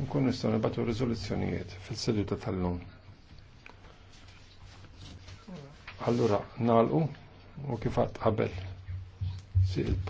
nkun nistgħu nibgħatu riżoluzzjonijiet fil-seduta tal-lum. Allura nagħlqu u kif qabel